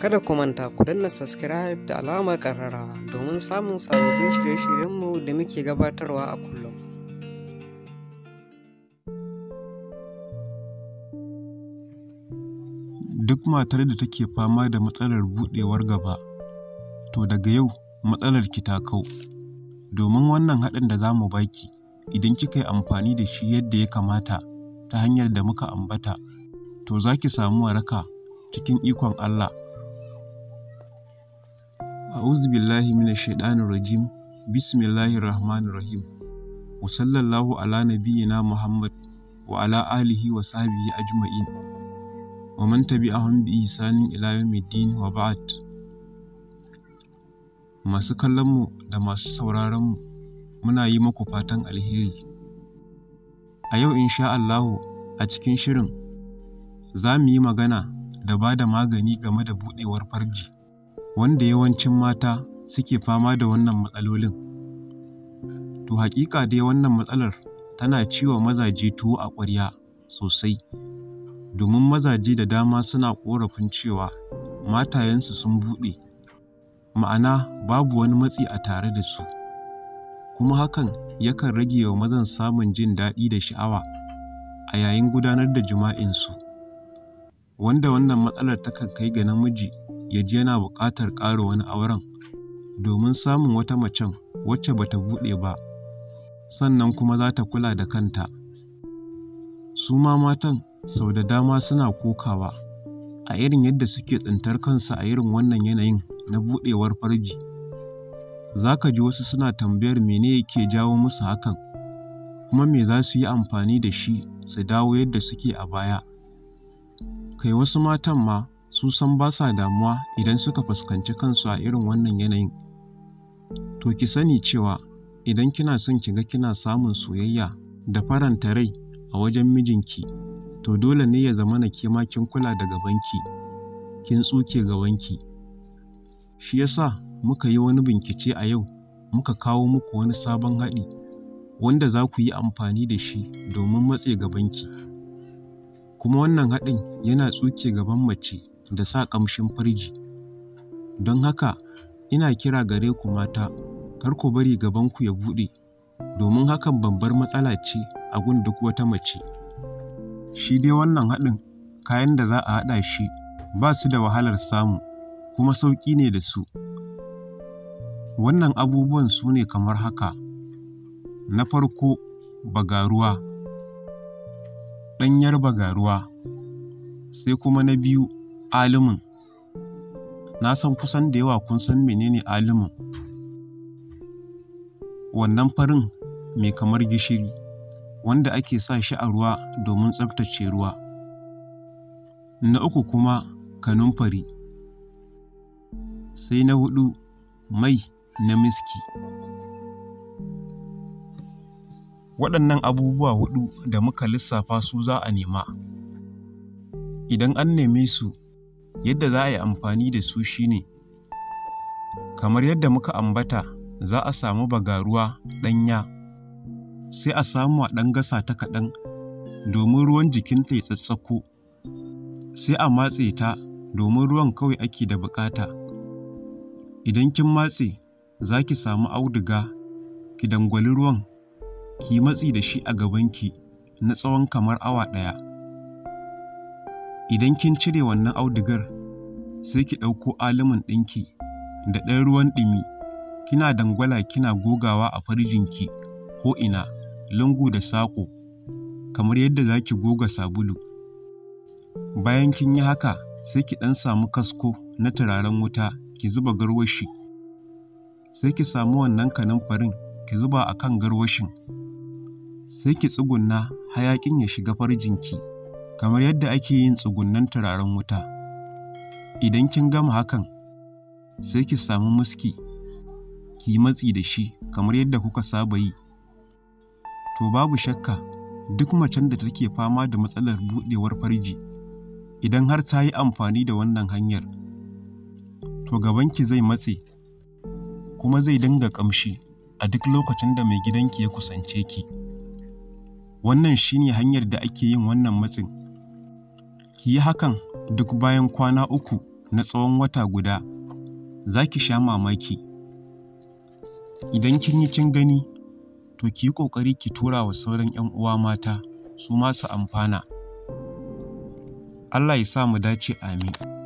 Kada ku manta ku danna subscribe da alamar ƙararrawa domin samun sababbin shirye-shiryenmu da muke gabatarwa a kullum. Duk matar da take fama da matsalar buɗewar gaba, to daga yau matsalar ki ta kau, domin wannan haɗin da zamu baki idan kika yi amfani da shi yadda ya kamata ta hanyar da muka ambata, to za ki samu waraka. cikin ikon Allah. A'udhu billahi minash shaitanir rajim. Bismillahir rahmanir rahim. Wa sallallahu ala nabiyyina Muhammad wa ala alihi wa sahbihi ajma'in. Wa man tabi'ahum bi ihsanin ila yawmiddin wa ba'd. Masu kallon mu da masu sauraron mu muna yi muku fatan alheri. A yau in sha Allahu a cikin shirin za mu yi magana da ba da magani game da buɗewar farji, wanda yawancin mata suke fama da wannan matsalolin. To haƙiƙa dai wannan matsalar tana ciwo mazaje tuwo a ƙwarya sosai, domin mazaje da dama suna ƙorafin cewa matayensu sun buɗe, ma'ana babu wani matsi a tare da su, kuma hakan yakan rage wa mazan samun jin daɗi da sha'awa a yayin gudanar da jima'insu. wanda wannan matsalar ta kan kai ga namiji ya ji yana buƙatar ƙara wani auren domin samun wata macen wacce ba ta buɗe ba sannan kuma za ta kula da kanta su ma matan sau da dama suna kokawa a irin yadda suke tsintar kansu a irin wannan yanayin na buɗewar farji za ka ji wasu suna tambayar mene yake jawo musu hakan kuma me za su yi amfani da shi su dawo yadda suke a baya Kai wasu matan ma su san ba sa damuwa idan suka fuskanci kansu a irin wannan yanayin. To ki sani cewa idan kina son ki ga kina samun soyayya da faranta rai a wajen mijinki to dole ne ya zamana ke ma kin kula da gabanki, kin tsuke gabanki. Shi ya sa muka yi wani bincike a yau muka kawo muku wani sabon haɗi wanda za ku yi amfani da shi domin matse gabanki. Kuma wannan haɗin yana tsuke gaban mace da sa ƙamshin farji. Don haka ina kira gare ku mata, kar ku bari gaban ku ya buɗe, domin hakan babbar matsala ce a gun duk wata mace. Shi dai wannan haɗin, kayan da za a haɗa shi ba su da wahalar samu, kuma sauƙi ne da su. Wannan abubuwan su ne kamar haka: Na farko, bagaruwa. ɗanyar bagaruwa, sai kuma na biyu alimin. Na san kusan da yawa kun san menene alimin. Wannan farin mai kamar gishiri, wanda ake sa shi a ruwa domin tsaftace ruwa. Na uku kuma kanumfari. Sai na hudu mai na miski. Waɗannan abubuwa huɗu da muka lissafa su za a nema. Idan an neme su, yadda za a yi amfani da su shine. kamar yadda muka ambata, za a samu bagaruwa ɗanya, sai a samu a ɗan gasa ta kaɗan domin ruwan jikinta ya tsatsako, sai a matse ta domin ruwan kawai ake da buƙata. Idan kin matse, za ki samu auduga, ki dangwali ruwan ki yi matsi da shi a gabanki na tsawon kamar awa ɗaya. Idan kin cire wannan audigar, sai ki ɗauko alumin ɗinki da ɗan ruwan ɗumi, kina dangwala kina gogawa a farjinki ina, lungu da saƙo, kamar yadda za ki goga sabulu. Bayan kin yi haka, sai ki ɗan samu kasko na turaren wuta ki zuba garwashi, sai ki samu wannan kanumfarin ki zuba a kan garwashin. sai ki tsugunna hayaƙin ya shiga farjin ki, kamar yadda ake yin tsugunnan turaren wuta. Idan kin gama hakan, sai ki samu muski ki yi matsi da shi kamar yadda kuka saba yi. To babu shakka duk macen da take fama da matsalar buɗewar farji idan har ta yi amfani da wannan hanyar, to gabanki zai matse kuma zai dinga ƙamshi a duk lokacin da mai gidanki ya kusance ki. wannan shine hanyar da ake yin wannan matsin ki yi hakan duk bayan kwana uku na tsawon wata guda za ki sha mamaki idan kin yi kin gani to ki yi ƙoƙari ki tura wa sauran 'yan uwa mata su masu amfana Allah ya sa mu dace amin